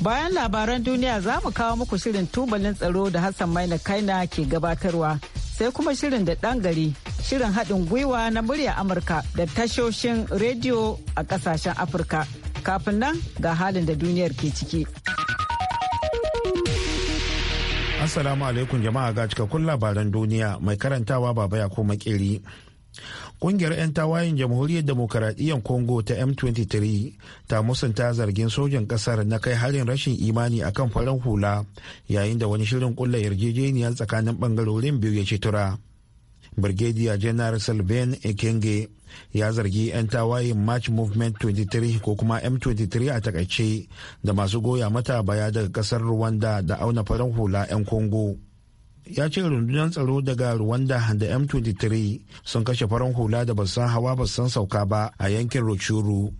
Bayan labaran duniya za mu kawo muku shirin tubalin tsaro da Hassan Maina Kaina ke gabatarwa sai kuma shirin da ɗan gari shirin haɗin gwiwa na murya Amurka da tashoshin rediyo a ƙasashen Afirka. Kafin nan ga halin da duniyar ke ciki. Assalamu alaikum jama'a ga cikakkun labaran duniya mai karantawa baba ya ko makeri. kungiyar 'yan tawayen jamhuriyar demokaradiyyar Congo ta M23 ta musanta zargin sojan ƙasar na kai harin rashin imani akan farar hula yayin da wani shirin kulla yarjejeniya tsakanin ɓangarorin biyu ya ci tura. Brigadier General Sylvain Ekenge ya zargi 'yan tawayen March Movement 23 ko kuma M23 a takaice da masu goya mata baya daga kasar Rwanda da auna farar hula 'yan Congo. ya ce rundunar tsaro daga Rwanda da M23 sun kashe farin hula da basan hawa basan sauka ba a yankin rochuru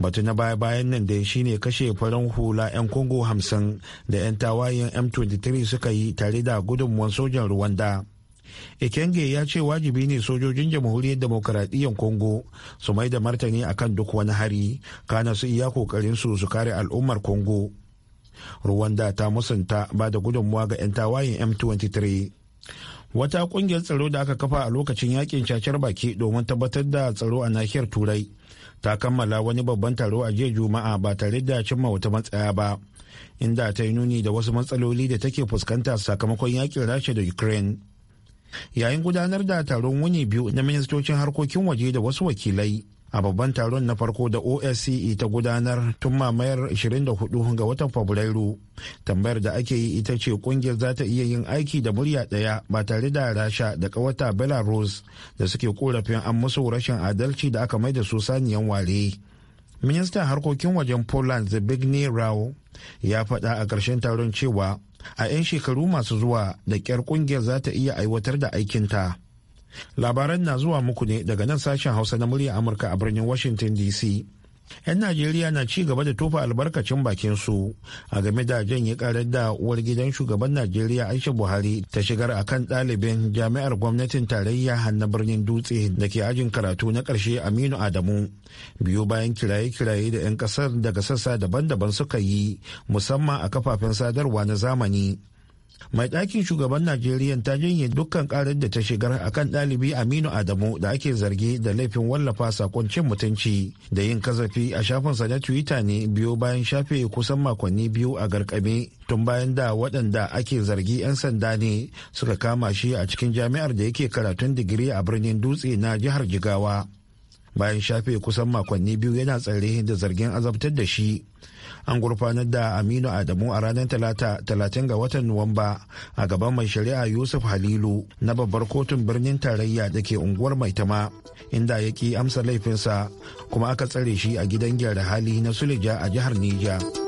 Batu na baya-bayan nan dai shine kashe farin hula 'yan Congo hamsin da 'yan tawayen M23 suka yi tare da gudunmuwan sojan Rwanda. Ikenge ya ce wajibi ne sojojin jamhuriyar demokaradiyyar Congo su mai da martani akan duk wani hari, kana su iya kokarin su su kare al'ummar Congo. Rwanda ta musanta ba da gudunmuwa ga 'yan tawayin M23. Wata kungiyar tsaro da aka kafa a lokacin yakin cacar baki domin tabbatar da tsaro a nahiyar Turai ta kammala wani babban taro a jiya Juma'a ba tare da cimma wata matsaya ba, inda ta yi nuni da wasu matsaloli da take fuskanta sakamakon yakin Rasha da Ukraine. Yayin gudanar da taron wuni biyu na ministocin harkokin waje da wasu wakilai, a babban taron na farko da osce ta gudanar tun mamayar 24 ga watan fabrairu tambayar da ake yi ita ce kungiyar za ta iya yin aiki da murya daya ba tare da rasha da kawata belarus da suke korafin an musu rashin adalci da aka mai da su saniyan ware ministan harkokin wajen poland zbigniew rao ya faɗa a ƙarshen taron cewa a 'yan shekaru masu zuwa da ƙyar kungiyar za ta iya aiwatar da aikinta. labaran na zuwa muku ne daga nan sashen hausa na murya amurka a birnin washington dc 'yan najeriya na ci gaba da tofa albarkacin bakin su a game da janye karar da uwar gidan shugaban najeriya aisha buhari ta shigar a kan ɗalibin jami'ar gwamnatin tarayya hanna birnin dutse da ke ajin karatu na ƙarshe aminu adamu biyu bayan kiraye-kiraye da 'yan ƙasar daga sassa daban-daban suka yi musamman a kafafen sadarwa na zamani mai ɗakin shugaban najeriya ta janye dukkan karar da ta shigar a kan ɗalibi aminu adamu da ake zargi da laifin wallafa sakon cin mutunci da yin kazafi a shafinsa na twitter ne biyo bayan shafe kusan makonni biyu a garkame tun bayan da waɗanda ake zargi 'yan sanda ne suka kama shi a cikin jami'ar da yake karatun digiri a birnin dutse na jihar jigawa bayan shafe kusan makonni biyu yana tsare da zargin azabtar da shi an gurfanar da aminu adamu a ranar talata talatin ga watan nuwamba a gaban mai shari'a yusuf halilu na babbar kotun birnin tarayya da ke unguwar maitama inda ya ki amsa laifinsa kuma aka tsare shi a gidan gyara hali na sulija a jihar niger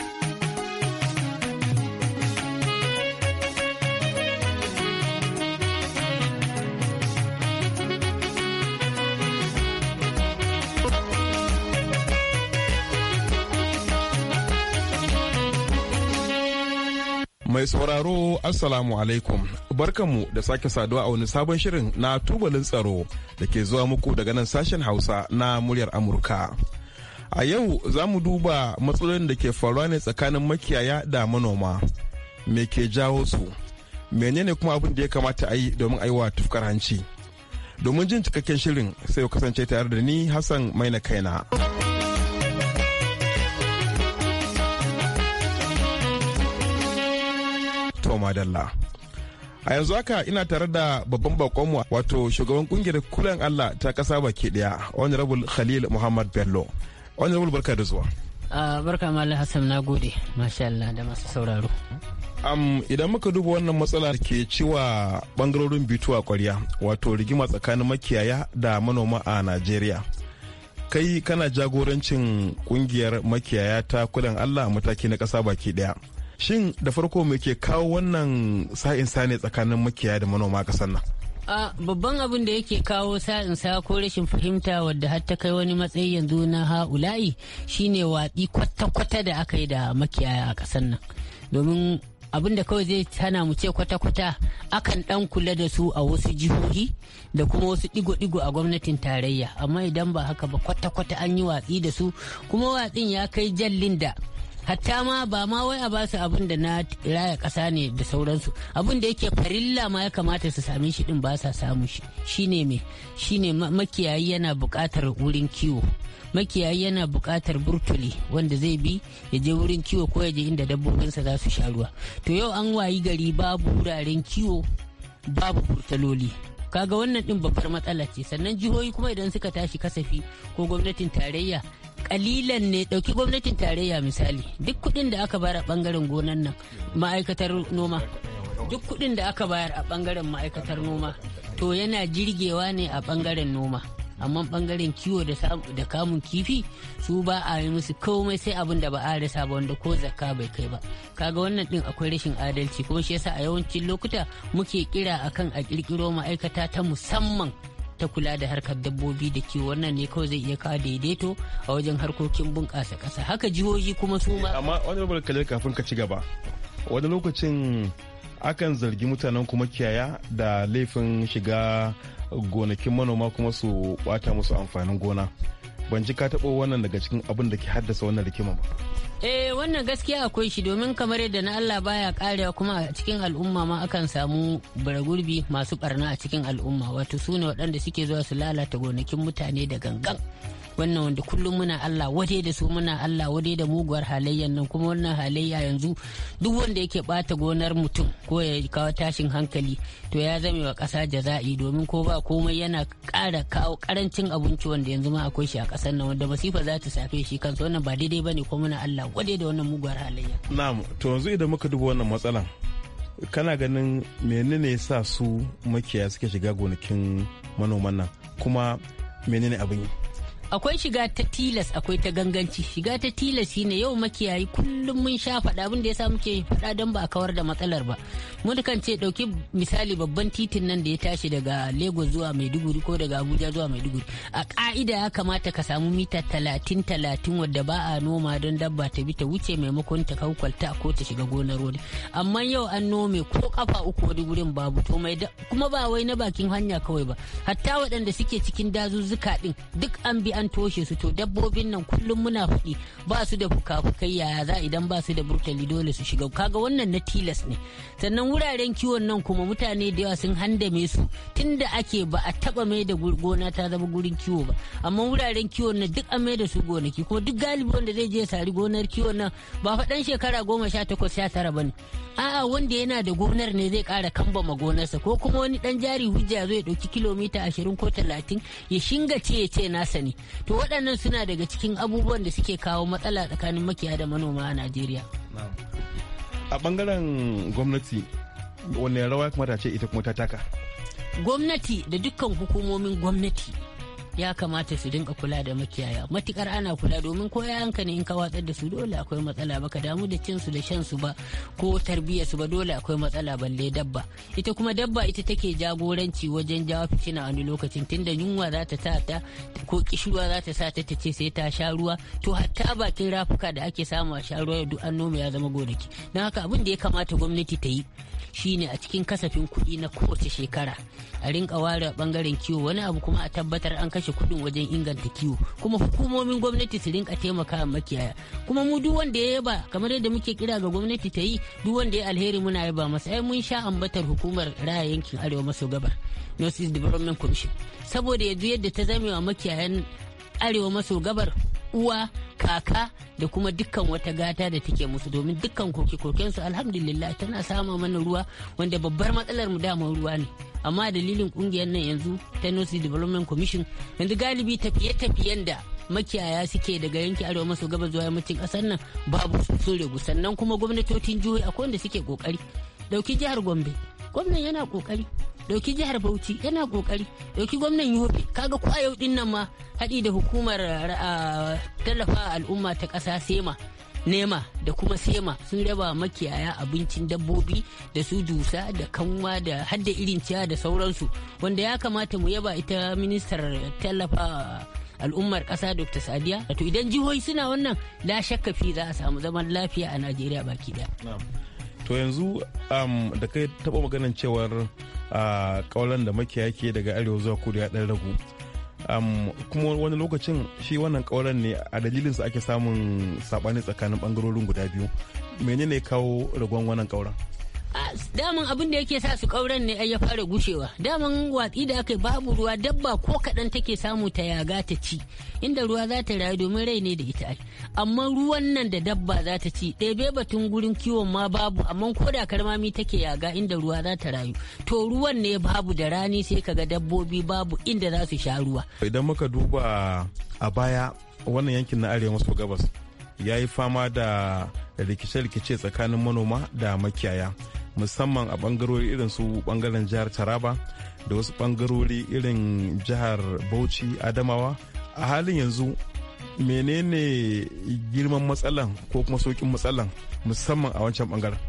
Mai sauraro Assalamu alaikum. Barkanmu da sake saduwa a wani sabon shirin na tubalin tsaro da ke zuwa muku daga nan sashen Hausa na muryar Amurka. A yau za mu duba matsalolin da ke faruwa ne tsakanin makiyaya da manoma. Me ke jawo su? Menene kuma abin da ya kamata a yi domin aiwa tufkar hanci? Domin jin cikakken shirin sai kasance tare da ni Hassan Maina Kaina. madalla. A yanzu haka ina tare da babban bakonmu wato shugaban kungiyar kulen Allah ta kasa baki daya Honorable Khalil Muhammad Bello. Honorable barka da zuwa. Ah, barka Malam Hassan na gode, masha Allah da masu sauraro. Um, idan muka duba wannan matsala ke ciwa bangarorin bituwa kwarya wato rigima tsakanin makiyaya da manoma a Najeriya. Kai kana jagorancin kungiyar makiyaya ta kulen Allah mataki na kasa baki daya. shin da farko me ke kawo wannan sa'in ne tsakanin makiyaya da manoma kasar nan babban abin da yake kawo sa'in sa ko rashin fahimta wadda har ta kai wani matsayi yanzu na ha'ula'i shine watsi kwata-kwata da aka yi da makiyaya a kasar nan domin abin da kawai zai hana mu ce kwata-kwata akan dan kula da su a wasu jihohi da kuma wasu digo-digo a gwamnatin tarayya amma idan ba haka ba kwata-kwata an yi watsi da su kuma watsin ya kai jallin da hatta ma ba ma wai a basu abin da na raya kasa ne da sauransu abin da yake farilla ma ya kamata su same shi din ba sa samu shi shine me shine makiyayi yana bukatar wurin kiwo makiyayi yana bukatar burtuli wanda zai bi ya je wurin kiwo ko ya je inda dabbobinsa za su sha ruwa to yau an wayi gari babu wuraren kiwo babu burtaloli kaga wannan din babbar matsala ce sannan jihohi kuma idan suka tashi kasafi ko gwamnatin tarayya kalilan ne dauki gwamnatin tarayya misali duk kudin da aka bayar a bangaren gonan nan ma'aikatar noma duk kudin da aka bayar a bangaren ma'aikatar noma to yana jirgewa ne a bangaren noma amma bangaren kiwo da kamun kifi su ba a yi musu komai sai abin da ba a rasa ba wanda ko zakka bai kai ba kaga wannan din akwai rashin adalci kuma shi yasa a yawancin lokuta muke kira akan a kirkiro ma'aikata ta musamman ta kula da harkar dabbobi da kiwo wannan ne kawai zai iya kawo daidaito a wajen harkokin bunƙasa ƙasa haka jihohi kuma su ma amma wani babar kafin ka ci gaba wani lokacin akan zargi mutanen kuma kiyaya da laifin shiga gonakin manoma kuma su bata musu amfanin gona ban ji ka taɓo wannan daga cikin abin da ke haddasa wannan rikiman ba Eh wannan gaskiya akwai shi domin kamar yadda na Allah baya karewa kuma a cikin al'umma ma akan samu baragurbi masu barna a cikin al'umma wato su waɗanda suke zuwa su lalata gonakin mutane da gangan. wannan wanda kullum muna Allah wade da su muna Allah wade da muguwar halayyan nan kuma wannan halayya yanzu duk wanda yake bata gonar mutum ko ya kawo tashin hankali to ya zame wa kasa jaza'i domin ko ba komai yana kara kawo karancin abinci wanda yanzu ma akwai shi a kasar nan wanda masifa za ta safe shi kansa wannan ba daidai bane ko muna Allah wade da wannan muguwar halayya na'am to yanzu idan muka duba wannan matsalan kana ganin menene sa su makiyaya suke shiga gonakin manoman nan kuma menene abin yi akwai shiga ta tilas akwai ta ganganci shiga ta tilas shine yau makiyayi kullum mun sha faɗa abin da yasa muke faɗa don ba a kawar da matsalar ba mun kan ce ɗauki misali babban titin nan da ya tashi daga lagos zuwa maiduguri ko daga abuja zuwa maiduguri a ka'ida ya kamata ka samu mita talatin talatin wadda ba a noma don dabba ta bi ta wuce maimakon ta kaukwalta ko ta shiga gonar wani amma yau an nome ko kafa uku wani gurin babu to mai kuma ba wai na bakin hanya kawai ba hatta waɗanda suke cikin dazuzzuka ɗin duk an bi an toshe su to dabbobin nan kullum muna faɗi ba su da fukafukai yaya za idan ba su da burtali dole su shiga kaga wannan na tilas ne sannan wuraren kiwon nan kuma mutane da yawa sun handame su tunda ake ba a taba mai da gona ta zama gurin kiwo ba amma wuraren kiwon nan duk an mai da su gonaki kuma duk galibi wanda zai je sari gonar kiwon nan ba faɗan shekara goma sha takwas sha tara ba ne a'a wanda yana da gonar ne zai ƙara kambama gonarsa ko kuma wani ɗan jari hujja zai dauki kilomita ashirin ko talatin ya shinga ce ya ce nasa ne to waɗannan suna daga cikin abubuwan da suke kawo matsala tsakanin makiya da manoma a najeriya a ɓangaren gwamnati wanne rawa kuma ta ce ita kuma ta taka gwamnati da dukkan hukumomin gwamnati ya kamata su dinka kula da makiyaya matukar ana kula domin ko yayanka ne in ka watsar da su dole akwai matsala baka damu da cin su da shan su ba ko tarbiyyar su ba dole akwai matsala balle dabba ita kuma dabba ita take jagoranci wajen jawo fitina wani lokacin tunda yunwa za ta sa ta ko kishuwa za ta sa ta ta ce sai ta sha ruwa to hatta bakin rafuka da ake samu a sha ruwa duk an noma ya zama gonaki don haka abin da ya kamata gwamnati ta yi shine a cikin kasafin kuɗi na kowace shekara a rinka ware bangaren kiwo wani abu kuma a tabbatar an kashe kuɗin wajen inganta kiwo kuma hukumomin gwamnati su rinka taimaka makiyaya kuma mu duk wanda ya yaba kamar yadda muke kira ga gwamnati ta yi duk wanda ya alheri muna yaba masa ai mun sha ambatar hukumar raya yankin arewa maso gabar north east development commission saboda yanzu yadda ta zame wa makiyayan arewa maso gabar uwa kaka da kuma dukkan wata gata da take musu domin dukkan koke-kokensu koken alhamdulillah tana samun mana ruwa wanda babbar matsalar mu dama ruwa ne amma dalilin kungiyar nan yanzu ta nosi development commission yanzu galibi tafiye-tafiyen da makiyaya suke daga yankin arewa maso gabar zuwa yammacin kasar nan babu sun regu sannan kuma gwamnatocin jihohi akwai wanda suke kokari dauki jihar gombe gwamnan yana kokari dauki jihar bauchi yana kokari dauki gwamnan yobe kaga ko a yau din nan ma haɗi da hukumar tallafa al'umma ta kasa sema nema da kuma sema sun raba makiyaya abincin dabbobi da su dusa da kanwa da hadda irin ciya da sauransu wanda ya kamata mu yaba ita ministar tallafa al'ummar ƙasa dr sadiya to idan jihohi suna wannan la shakka fi za a samu zaman lafiya a najeriya baki daya to yanzu um, da kai taɓa maganin cewar kaulan uh, da makiya ke daga arewa zuwa kudu ya ɗan ragu um, kuma wani lokacin shi wannan kaulan ne a dalilin ake samun saɓani tsakanin ɓangarorin guda biyu menene kawo ragon wannan kaulan daman abin da yake sa su kauran ne ya fara gushewa daman watsi da aka babu ruwa dabba ko kaɗan take samu ta yaga ta ci inda ruwa za ta rayu domin rai ne da ita amma ruwan nan da dabba za ta ci ɗebe batun gurin kiwon ma babu amma ko da karmami take yaga inda ruwa za ta rayu to ruwan ne babu da rani sai kaga dabbobi babu inda za su sha ruwa idan muka duba a baya wannan yankin na arewa maso gabas ya yi fama da rikice-rikice tsakanin manoma da makiyaya musamman a bangarori irin su bangaren jihar taraba da wasu bangarori irin jihar bauchi adamawa a halin yanzu menene girman matsalan ko kuma saukin matsalan musamman a wancan bangaren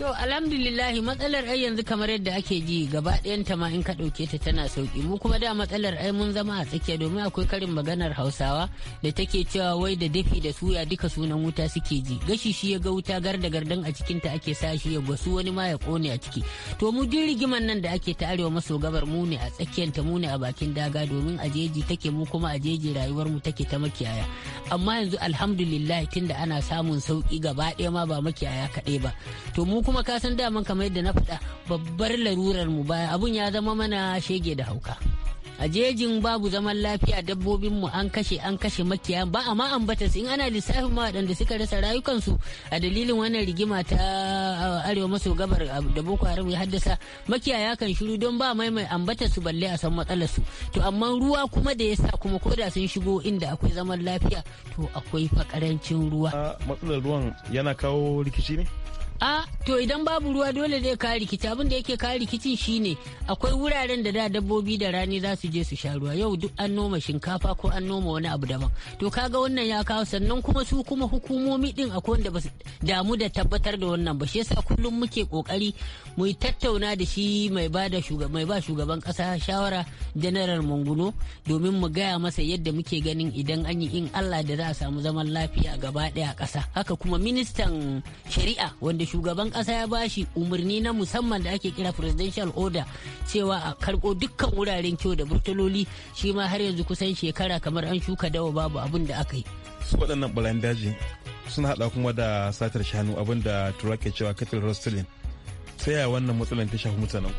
To alhamdulillah matsalar ai yanzu kamar yadda ake ji gaba ɗayanta ma in ka ɗauke ta tana sauki mu kuma da matsalar ai mun zama a tsakiya domin akwai karin maganar hausawa da take cewa wai da dafi da suya duka sunan wuta suke ji gashi shi ya ga wuta garda gardan a cikinta ake sa shi ya gwasu wani ma ya kone a ciki to mu duk rigiman nan da ake ta arewa maso gabar mu ne a ta mu ne a bakin daga domin a jeji take mu kuma a jeji rayuwar mu take ta makiyaya amma yanzu alhamdulillah tunda ana samun sauki gaba ɗaya ma ba makiyaya kaɗai ba to mu kuma ka san daman kamar yadda na faɗa babbar larurar mu baya abun ya zama mana shege da hauka a jejin babu zaman lafiya dabbobin mu an kashe an kashe makiya ba a ma ambata in ana lissafin ma waɗanda suka rasa rayukansu a dalilin wannan rigima ta arewa maso gabar da boko haram ya haddasa makiyaya kan shiru don ba mai mai ambata su balle a san matsalar su to amma ruwa kuma da yasa kuma ko da sun shigo inda akwai zaman lafiya to akwai fakarancin ruwa matsalar ruwan yana kawo rikici ne a to idan babu ruwa dole zai kawo rikici abin da yake kawo rikicin shine akwai wuraren da da dabbobi da rani za su je su sha ruwa yau duk an noma shinkafa ko an noma wani abu daban to kaga wannan ya kawo sannan kuma su kuma hukumomi din akwai wanda basu damu da tabbatar da wannan ba shi yasa kullum muke kokari mu tattauna da shi mai ba da mai ba shugaban kasa shawara janaral manguno domin mu gaya masa yadda muke ganin idan an yi in Allah da za a samu zaman lafiya gaba daya a kasa haka kuma ministan shari'a wanda shugaban kasa ya bashi umarni na musamman da ake kira presidential order cewa a karko dukkan wuraren kyau da burtuloli shi ma har yanzu kusan shekara kamar an shuka dawa babu abin da aka yi su waɗannan ɓarayin daji suna haɗa kuma da satar shanu abin da tura cewa cattle rustling sai ya wannan matsalan ta shafi mutanen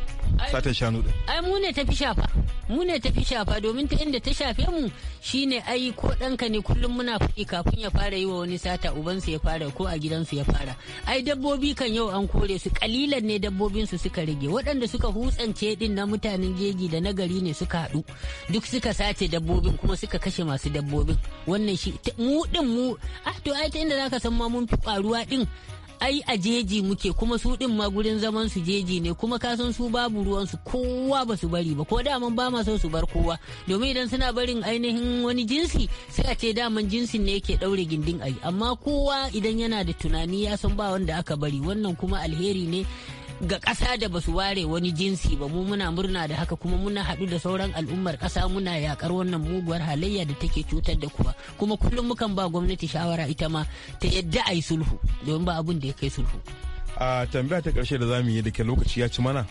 satar shanu ai mu ne ta shafa mu ne ta shafa domin ta inda ta shafe mu shine ai ko ɗanka ne kullum muna faɗi kafin ya fara yi wa wani sata ubansu ya fara ko a gidansu ya fara ai dabbobi kan yau an kore su kalilan ne dabbobin su suka rage waɗanda suka hutsance din na mutanen jeji da na gari ne suka haɗu duk suka sace dabbobin kuma suka kashe masu dabbobin wannan shi mu din mu ah to ai ta inda zaka san ma mun fi ƙwaruwa din ai a jeji muke kuma su din ma gurin zaman su jeji ne kuma ka san su babu ruwan su kowa ba su bari ba ko daman ba ma so su bar kowa domin idan suna barin ainihin wani jinsi sai a ce daman jinsin ne yake daure gindin ai amma kowa idan yana da tunani ya san ba wanda aka bari wannan kuma alheri ne ga ƙasa da ba su ware wani jinsi ba mu muna murna da haka kuma muna haɗu da sauran al'ummar kasa muna yakar wannan muguwar halayya da take cutar da kuwa kuma kullum mukan ba gwamnati shawara ita ma ta yadda a yi sulhu domin ba abin da ya kai sulhu. a tambaya ta ƙarshe da za yi da ke lokaci ya ci mana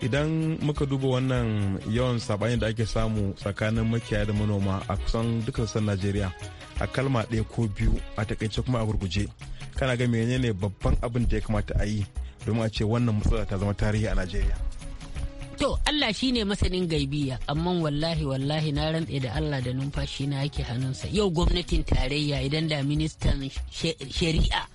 idan muka duba wannan yawan saɓani da ake samu tsakanin makiyaya da manoma a kusan duka sassan najeriya a kalma ɗaya ko biyu a takaice kuma a gurguje kana ga menene babban abin da ya kamata a yi domin a ce wannan matsala ta zama tarihi a najeriya to allah shine masanin gaibiya amma wallahi wallahi na rantse da allah da numfashi na yake hannunsa yau gwamnatin tarayya idan da ministan shari'a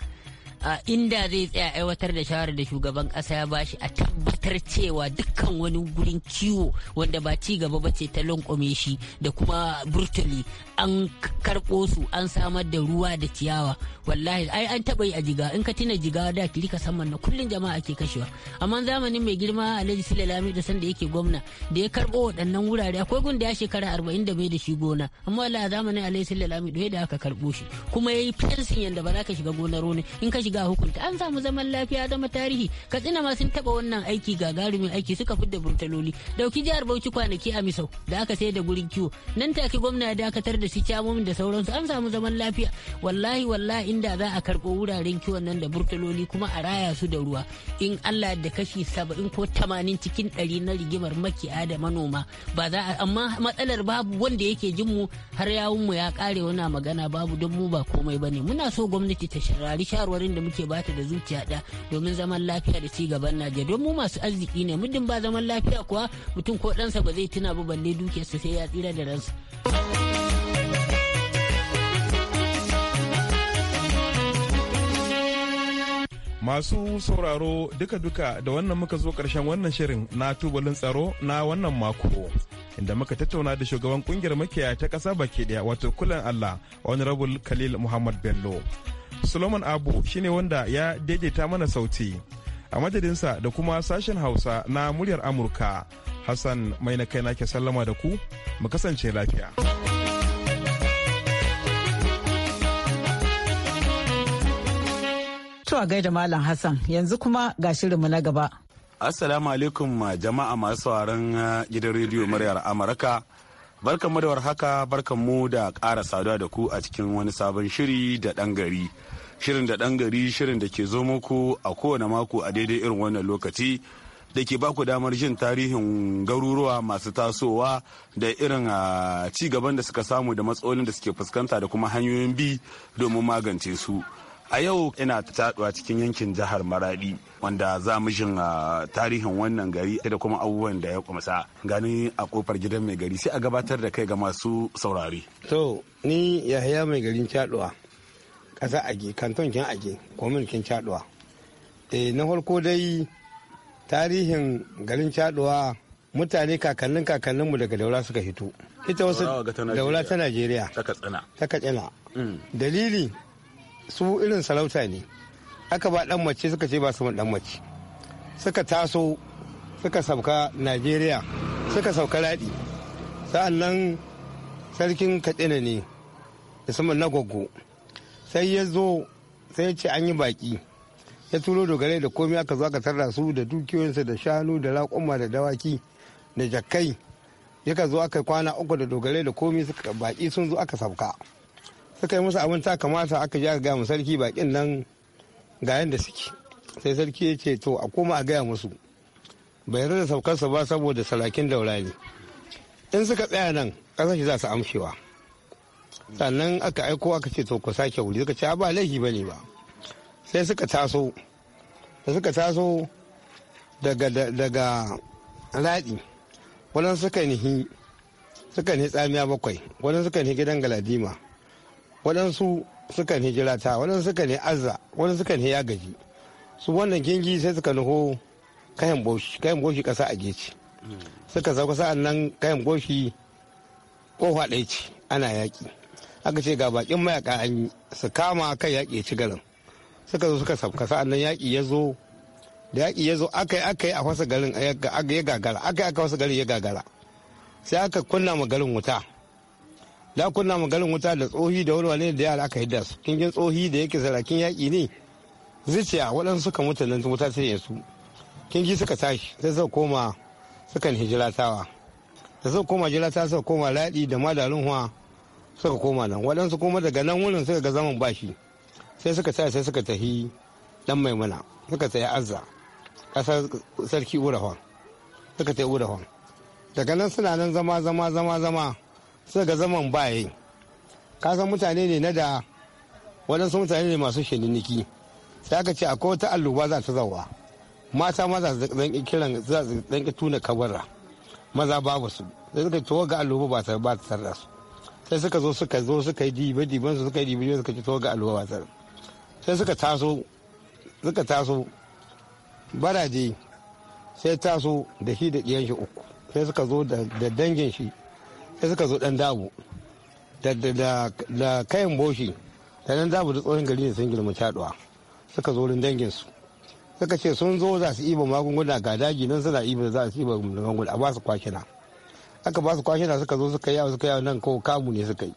a inda zai tsaya aiwatar da shawarar da shugaban kasa ya bashi a tabbatar cewa dukkan wani gurin kiwo wanda ba ci gaba ba ce ta lankwame shi da kuma burtali an karɓo su an samar da ruwa da ciyawa wallahi ai an taɓa yi a jiga in ka tuna jiga da kiri ka saman na kullun jama'a ke kashewa amma zamanin mai girma alhaji sule lami da sanda yake gwamna da ya karbo waɗannan wurare akwai gun da ya shekara arba'in da bai da shi gona amma wallahi a zamanin alhaji sule lami da aka karɓo shi kuma ya yi fensin yadda ba za ka shiga gonar wani in ga hukunta an samu zaman lafiya zama tarihi katsina ma sun taba wannan aiki gagarumin aiki suka fidda burtaloli dauki jihar bauchi kwanaki a misau da aka sayar da gurin kiwo nan take gwamna ya dakatar da su camomin da sauransu an samu zaman lafiya wallahi wallahi inda za a karɓo wuraren kiwon nan da burtaloli kuma a raya su da ruwa in allah da kashi saba'in ko tamanin cikin ɗari na rigimar makiya da manoma ba za a amma matsalar babu wanda yake jin mu har yawun mu ya kare wani magana babu don mu ba komai bane muna so gwamnati ta shirari shawarwarin da da muke bata da zuciya ɗaya domin zaman lafiya da ci gaban Najeriya don mu masu arziki ne muddin ba zaman lafiya kuwa mutum ko ɗansa ba zai tuna ba balle dukiyarsa sai ya tsira da ransa. Masu sauraro duka-duka da wannan muka zo karshen wannan shirin na tubalin tsaro na wannan mako. Inda muka tattauna da shugaban kungiyar makiyaya ta kasa baki ɗaya wato kulan Allah Honorable Khalil Muhammad Bello. solomon abu shine wanda ya daidaita mana sauti a madadinsa da kuma sashen hausa na muryar amurka hassan mai na kai ke sallama da ku mu kasance lafiya a gaida Malam Hassan yanzu kuma ga shirinmu na gaba. Assalamu alaikum jama'a masu sauraron uh, gidan rediyo muryar Amurka. barkan mu da warhaka barkan mu da ƙara saduwa da ku a cikin wani sabon shiri da ɗan gari shirin da ɗan gari shirin da ke zo muku a kowane mako a daidai irin wannan lokaci da ke baku damar jin tarihin garuruwa masu tasowa da irin ci gaban da suka samu da matsalolin da suke fuskanta da kuma hanyoyin bi domin magance su a yau ina taduwa cikin yankin jihar maradi wanda za mu shin ah, tarihin wannan gari da kuma abubuwan da ya kumsa gani a kofar gidan mai gari sai a gabatar da kai ga masu saurari. to ni yahaya mai garin caɗuwa kasa age kanton kin age kin caɗuwa e eh, na farko dai tarihin garin caɗuwa mutane kakannin kakanninmu daga daura suka hito ita wasu daura ta najeriya ta katsina mm. dalili su irin sarauta ne aka ba dan mace suka ce ba su dan mace suka taso suka sauka najeriya suka sauka ladi sa'an nan sarkin katsina ne da saman na gwaggo sai ya zo sai ya ce an yi baki ya turo dogare da komai aka zo aka tarra su da dukiyoyinsa da shanu da raƙuma da dawaki da jakkai ka zo aka kwana uku da dogare da komai suka baki sun zo aka sauka suka yi musu abin ta kamata aka ji aka gaya sarki bakin nan ga yadda suke sai sarki ya ce to a koma a gaya musu bai yarda da saukarsa ba saboda salakin daura ne in suka tsaya nan kasashe za su amshewa sannan aka aiko aka ce to ku sake wuri suka ce ba laifi ba ne ba sai suka taso da suka taso daga daga raɗi wani suka nihi tsamiya bakwai wani suka nihi gidan galadima waɗansu suka ne jirata waɗansu suka ne azza waɗansu suka ne ya gaji su wannan kingi sai suka nuho kayan boshi kayan goshi ƙasa a geci suka sauka sa'an nan kayan boshi ƙofa ɗaya ce ana yaƙi aka ce ga bakin mayaka an yi su kama kan yaƙi ya ci garin suka zo suka sauka sa'an nan yaƙi ya zo da yaƙi ya zo aka yi aka yi a fasa garin ya gagara aka yi aka fasa garin ya gagara sai aka kunna ma garin wuta da kunna maganin wuta da tsohi da walwale da yara aka hidda su kin gin tsohi da yake sarakin yaƙi ne zuciya waɗansu suka mutu nan wuta sai ya su ji suka tashi sai suka koma sukan hijiratawa da suka koma jirata suka koma laɗi da madalin huwa suka koma nan waɗansu kuma daga nan wurin suka ga zaman bashi sai suka tashi sai suka tafi dan maimuna suka tafi azza ƙasar sarki urahon suka tafi urahon daga nan suna nan zama zama zama zama suka ga zaman baye kasan mutane ne na da waɗansu mutane ne masu shininiki sai aka ce akwai wata alluba za ta zauwa mata ma za su zanki kiran za su zanki tuna kabarra maza babu su sai suka towa ga alluba ba ta ba ta tarda su sai suka zo suka zo suka yi dibe diben su suka yi dibe suka ci towa ga alluba ba ta sai suka taso suka taso baraje sai taso da shi da ɗiyan shi uku sai suka zo da dangin shi sai suka zo dan dabu da kayan boshi da dan dabu da tsohon gari ne sun girma caduwa suka zo wurin dangin su suka ce sun zo za su iba magunguna ga daji nan suna iba za su iba magunguna a ba su kwashina aka ba su kwashina suka zo suka yawo suka yawo nan ko kamu ne suka yi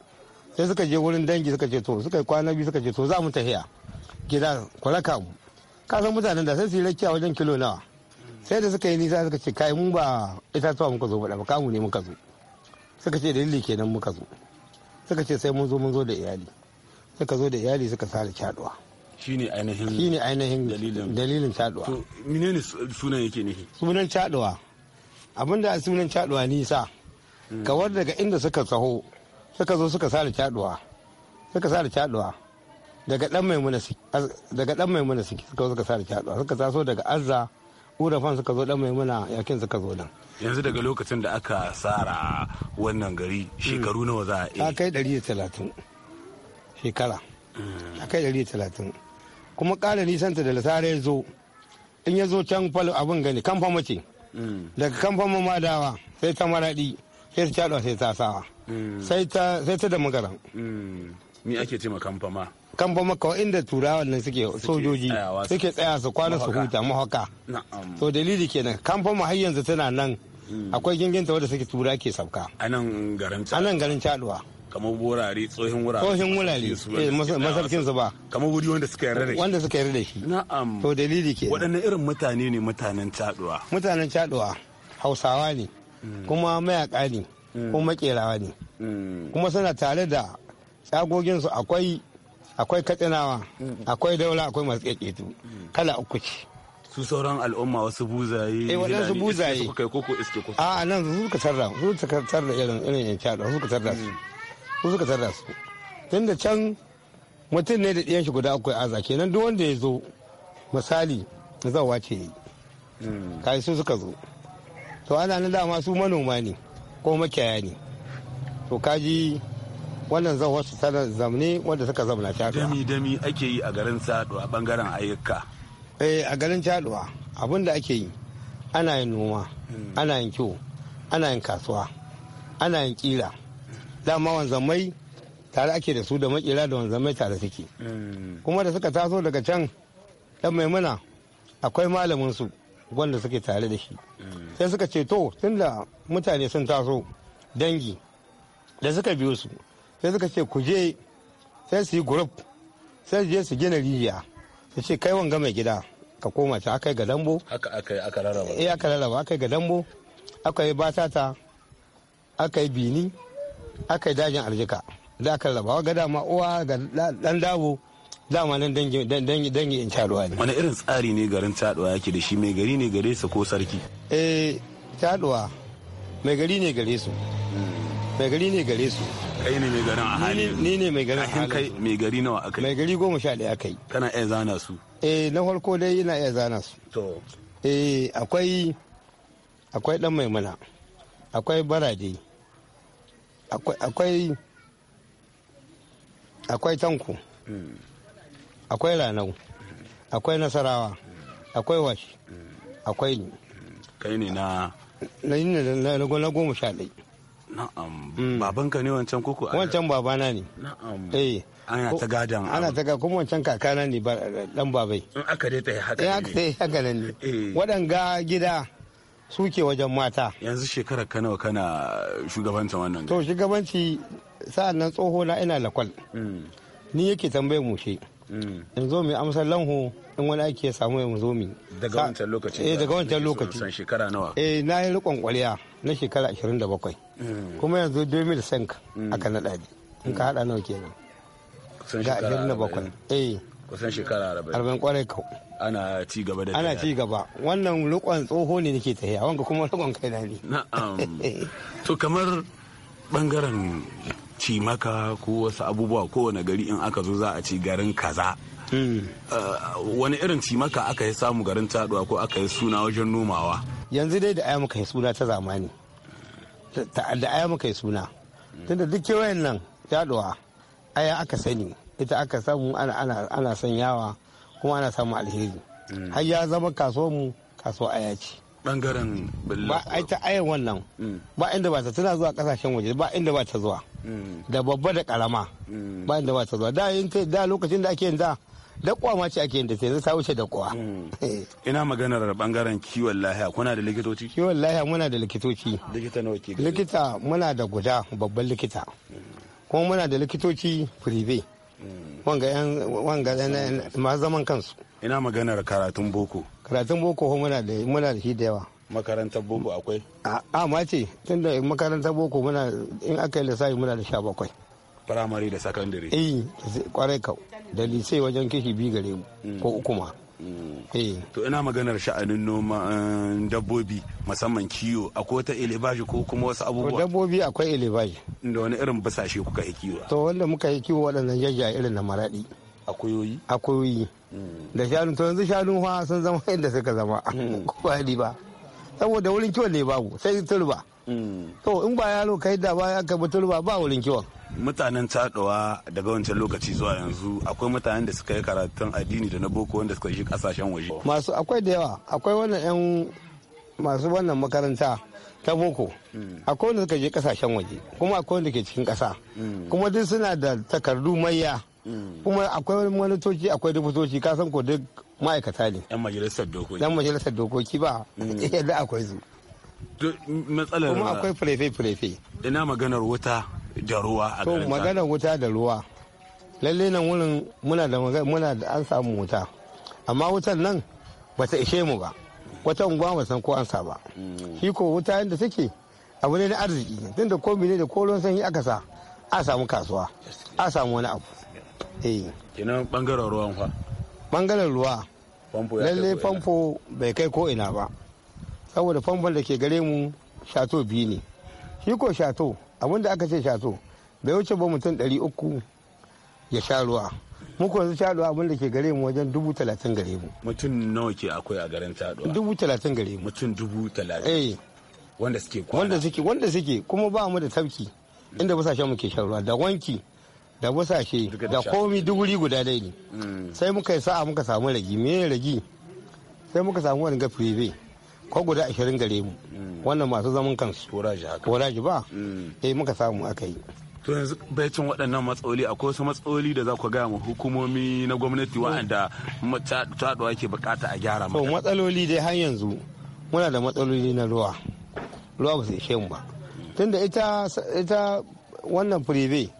sai suka je wurin dangi suka ce to suka yi kwana biyu suka ce to za mu tafiya gida kwala kamu ka san mutanen da sai su yi rakiya wajen kilo nawa sai da suka yi nisa suka ce kai mu ba itatuwa muka zo ba kamu ne muka zo suka ce dalili kenan muka zo suka ce sai mun zo mun zo da iyali suka zo da iyali suka sare caduwa shine ainihin shine ainihin dalilin dalilin caduwa to menene sunan yake ne sunan caduwa abinda sunan caduwa nisa hmm. kawar daga inda suka tsaho suka zo suka sare caduwa suka sare caduwa daga dan maimuna daga dan maimuna suka zo suka sare caduwa suka taso daga azza urafan suka zo dan maimuna yakin suka zo nan yanzu daga lokacin da aka tsara wannan gari shekaru mm. nawa za a yi ta kai 130 shekara mm. ta kai 130 kuma ƙara nisanta da lasara ya zo in ya zo can falo abin gani kamfama ce mm. daga kamfama madawa sai ta maraɗi sai ta caɗuwa sai ta sawa sai ta da magaran ni ake ce ma kamfama kamfama kawai inda turawan nan suke sojoji suke tsaya su kwana su huta mahaka to dalili kenan kamfama har yanzu tana nan akwai gingin ta wadda suke tura ke sauka a nan garin a caduwa kamar wurare tsohin wurare tsohin wurare eh, masarkin su ba kamar wuri wanda suka yarda da shi. wanda suka yarda da shi na'am to dalili ke Wadannan irin mutane ne mutanen caduwa mutanen caduwa hausawa ne hmm. kuma mayaka ne hmm. kuma makerawa ne hmm. kuma suna tare da tsagogin su akwai akwai katsinawa akwai daula akwai masu keketo kala uku ce su sauran al'umma wasu buzaye eh waɗansu buzaye su kai koko iske ko a nan su suka tarra su suka tarra irin irin yan kyada su suka tarra su hmm. su suka tarra su tunda can mutum ne da ɗiyan shi guda akwai aza kenan duk wanda ya zo misali zawa ce yi hmm. kai su suka zo to ana na dama su manoma ne ko makiyaya ne to kaji wannan zan wasu tana zamne wanda suka zamna shaɗuwa. Dami dami ake yi a garin Sado a bangaren ayyuka. Eh, a garin jaduwa abin da ake yi ana yin noma hmm. ana yin kiwo ana yin kasuwa ana yin kira dama wanzamai tare ake da su da makera da wanzamai tare suke hmm. kuma da suka taso daga can dan maimuna akwai malamin su wanda suke tare da shi hmm. sai suka ce to da mutane sun taso dangi da suka biyo su sai suka ce ku je sai su yi sai su je su gina rijiya su ce kai wanga mai gida ka koma ta akai ga dambo aka rarraba eh aka rarraba akai ga dambo aka yi batata aka yi bini aka yi dajin aljika da aka rarraba ga dama uwa ga dan dawo dama nan dangi in caɗuwa ne wani irin tsari ne garin caduwa yake da shi mai gari ne gare su ko sarki eh caɗuwa mai gari ne gare su hmm. mai gari ne gare su kai ne mai garin a hali ni ne mai garin a hali kai mai gari nawa yi. mai gari goma sha ɗaya yi. kana iya zana su eh na farko dai ina iya zana su to eh akwai akwai dan maimuna akwai barade akwai akwai akwai tanko akwai ranau akwai nasarawa akwai washi, akwai ni kai ne na na goma sha ɗaya Na'am. Mm. Babanka ne wancan koko? Wancan babana ne. Na'am. Eh. Ana ta gadan. Ana ta ga kuma wancan kakana ne dan babai. In aka dai yi haka ne. In aka yi haka ne. Eh. Waɗanga gida suke wajen mata. Yanzu shekarar ka nawa kana shugabancin wannan. To shugabanci sa'an nan tsoho na ina lakwal. Mm. Ni yake tambayar mu shi. in zo mai amsar lanho in wani aiki ya samu ya zo mi. Eh, daga wancan lokaci eh daga wancan lokaci san shekara nawa eh na yi rikon kwaliya na shekara 27 mm. kuma yanzu 2005 mm. aka naɗa ne in ka mm. haɗa nawa kenan ga 27 eh kusan shekara 40 arba'in kwarai kau ana ci gaba da ana ci gaba wannan rikon tsoho ne nake tafiya wanga kuma rikon kaina ne na'am to kamar bangaren ci maka ko wasu abubuwa kowane gari in aka zo za a ci garin kaza hmm. eh, wani irin ci maka aka yi samu garin taduwa ko aka yi suna wajen nomawa yanzu dai da aya muka yi suna ta zamani da aya muka yi suna tunda duk kewayen nan taduwa aya aka sani ita aka samu ana sanyawa kuma ana samu alheri hmm. har ya zama kasuwar mu kaso aya ce bangaren ba ita aya wannan hmm. ba inda ba ta tana zuwa kasashen waje ba inda ba ta zuwa da babba da karama bayan da ba ta zuwa da yin da lokacin da ake yin da da kwama ce ake yin da sai ta wuce da kwa mm. ina maganar bangaren kiwon lahiya kuna da likitoci kiwon lahiya muna da likitoci likita nawa ke likita muna da guda babban likita kuma muna da likitoci prive mm. wanga yan wanga ma zaman kansu ina maganar karatun boko karatun boko muna da muna da shi da yawa makarantar boko akwai a ma ce tunda makarantar boko muna in aka yi lissafi muna da sha bakwai firamare da sakandare eh kwarai kau da lisai wajen kishi biyu gare mu ko mm. uku ma mm. eh. to ina maganar sha'anin noma eh, dabbobi musamman kiwo akwai wata elebaji ko kuma wasu abubuwa dabbobi akwai elebaji inda wani irin basashe kuka yi kiwo to wanda muka yi kiwo waɗannan jajja irin na maraɗi akuyoyi akuyoyi mm. da shanu to yanzu shanu fa sun zama inda suka zama ko ba ba saboda wurin kiwon ne babu sai turba mm. to in ba yaro kai da ba ya bi turba ba wurin kiwon mutanen caɗawa daga wancan lokaci zuwa yanzu akwai mutanen da suka yi karatun addini da na boko wanda suka shi kasashen waje masu akwai da yawa akwai wannan yan masu wannan makaranta ta boko mm. akwai wanda suka je kasashen waje kuma akwai wanda ke cikin kasa mm. kuma duk suna da takardu mayya kuma akwai wani manitoci akwai dubutoci ka san ko duk ma'aikata ne yan majalisar dokoki yan majalisar dokoki ba mm. eh, yadda akwai su matsalar kuma akwai firefe-firefe. ina maganar wuta da ruwa a garin maganar wuta da ruwa lalle nan wurin muna da muna da an samu wuta amma wutan nan bata ishe mu ba wata unguwa ba san ko an sa ba mm. shi ko wuta yadda take abu ne na arziki tunda ko ne da kolon ruwan sanyi aka sa a samu kasuwa a samu wani abu eh bangaren ruwan fa bangaren ruwa lalle famfo bai kai ko ina ba saboda famfon da ke gare mu shato biyu ne shi ko shato abinda aka ce shato bai wuce ba mutum ɗari uku ya sha ruwa muku yanzu sha ruwa da ke gare mu wajen dubu talatin gare mu mutum nawa ke akwai a garin ruwa. dubu talatin gare mu mutum dubu talatin eh. wanda suke wanda suke wanda suke kuma ba mu da tafki inda basashen mu ke shan ruwa da wanki da wasashe da komi duguri guda dai ne mm. sai muka yi sa'a muka samu ragi me ragi sai muka samu wani ga prive ko guda ashirin gare mu mm. wannan masu zaman kansu koraji ba mm. eh muka samu aka yi to yanzu baicin waɗannan matsaloli akwai wasu matsaloli da za ku gaya ma hukumomi na gwamnati wa'anda taɗuwa ke bukata a gyara ma. matsaloli dai har yanzu muna da matsaloli na ruwa ruwa ba su ishe mu ba tunda ita ita wannan firibe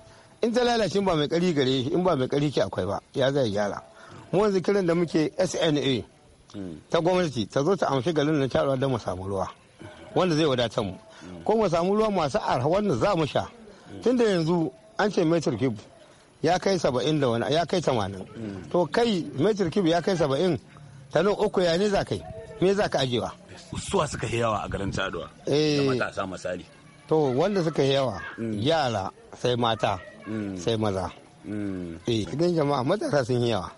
in ta lalace ba mai kari gare in ba mai kari ke akwai ba ya zai gyara mu wanzu kiran da muke SNA ta gwamnati ta zo ta amshi garin na tarawa da mu samu ruwa wanda zai wadatar mu ko mu samu ruwa masu arha wanda za mu sha tunda yanzu an ce metric cube ya kai saba'in da wani ya kai tamanin to kai metric cube ya kai saba'in tanin uku ya ne za kai me za ka ajewa suwa suka yi yawa a garin tadowa eh. da matasa misali to wanda suka yi yawa mm. yara sai mata sai maza mm. eh, idan jama'a matasa sun yi yawa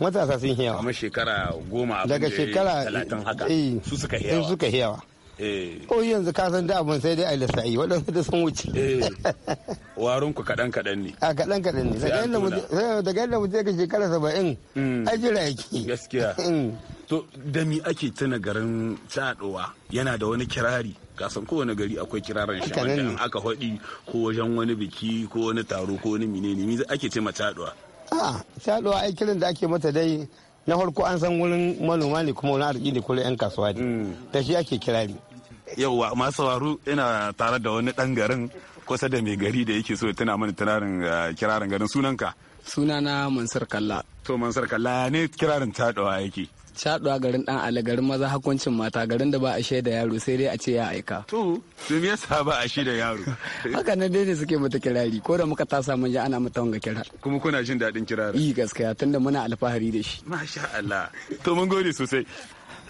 matasa sun yi yawa daga shekara goma daga shekara talatin haka eh, su suka yi eh, yawa Eh. ko yanzu ka san da abin sai dai a lissa'i waɗansu da sun wuce eh. warun ku kaɗan kaɗan ne a kaɗan kaɗan ne eh, daga yadda mu je ka shekara saba'in hmm. a jira yake gaskiya hmm. to da mi ake tuna garin caɗowa yana da wani kirari san kowane gari akwai kiraran shi wanda in aka haɗi ko wajen wani biki ko wani taro ko wani menene mi ake ce ma caɗowa a ah, caɗowa ai kiran da ake mata dai na farko an san wurin manoma ne kuma wani arziki ne kula yan kasuwa ne mm. da shi ake kira Yau yauwa masu sauraro ina tare da wani dan garin kusa da mai gari da yake so tana mana tunarin eh, kirarin garin sunanka sunana mansur kalla to mansur kalla ne kirarin tadawa yake shaɗuwa garin ɗan ala garin maza hakuncin mata garin da ba a shaida yaro sai dai a ce ya aika. To, to me yasa ba a shaida yaro? Haka nan dai ne suke mata kirari ko da muka tasa mun ji ana mata wanga kira. Kuma kuna jin daɗin kirari? Yi gaskiya tunda muna alfahari da shi. Masha Allah. To mun gode sosai.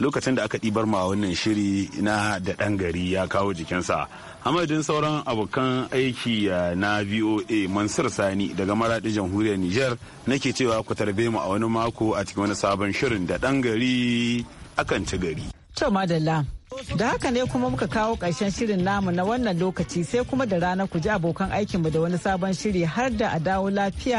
Lokacin da aka ɗibar ma wannan shiri na da ɗan gari ya kawo jikinsa. madadin sauran abokan aiki eh, na voa mansur sani daga maradin jamhuriyar niger nake cewa ku tarbe mu a wani mako a cikin wani sabon shirin da dan gari akan ci gari to madalla Da haka ne kuma muka kawo karshen shirin namu na wannan lokaci sai kuma da rana ku ji abokan aikinmu da wani sabon shiri har da a dawo lafiya